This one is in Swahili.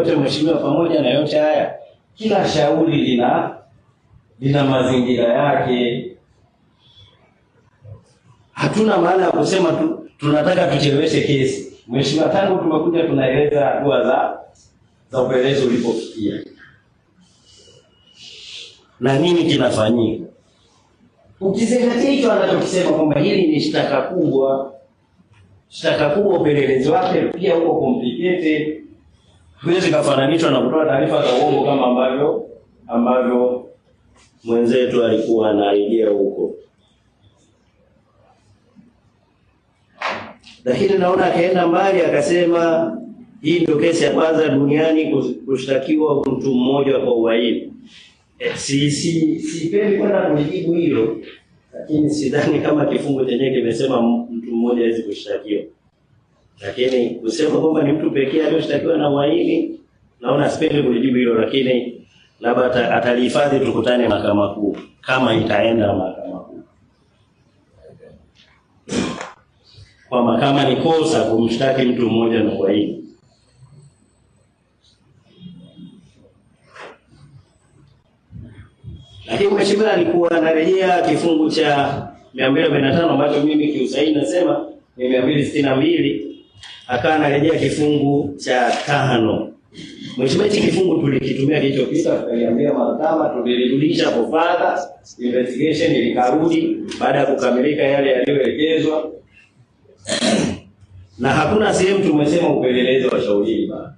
yote mheshimiwa, pamoja na yote haya, kila shauri lina lina mazingira yake. Hatuna maana ya kusema tu tunataka tucheleweshe kesi. Mheshimiwa, tangu tumekuja tunaeleza hatua za za upelelezi ulipofikia na nini kinafanyika, ukizingatia hicho anachokisema kwamba hili ni shtaka kubwa. Shtaka kubwa, upelelezi wake pia uko complicated hizi zikafananishwa na kutoa taarifa za uongo kama ambavyo ambavyo mwenzetu alikuwa anarejea huko, lakini naona akaenda mbali akasema hii ndio kesi ya kwanza duniani kushtakiwa mtu mmoja kwa uhaini. E, si si sipendi kwenda kujibu hilo, lakini sidhani kama kifungu chenyewe kimesema mtu mmoja hawezi kushtakiwa. Lakini kusema kwamba ni mtu pekee aliyoshtakiwa na uhaini, naona sipendi kulijibu hilo, lakini labda atalihifadhi, tukutane mahakama kuu kama itaenda mahakama kuu, Kwa mahakama ni kosa kumshtaki mtu mmoja na uhaini Lakini mheshimiwa alikuwa anarejea kifungu cha 245 ambacho mimi kiusaini nasema ni 262 akawa anarejea kifungu cha tano. Mheshimiwa, hichi kifungu tulikitumia kilichopita, tukaliambia mahakama, tulirudisha for further investigation, ilikarudi baada ya kukamilika yale yaliyoelekezwa, na hakuna sehemu tumesema upelelezi wa shauri hili bana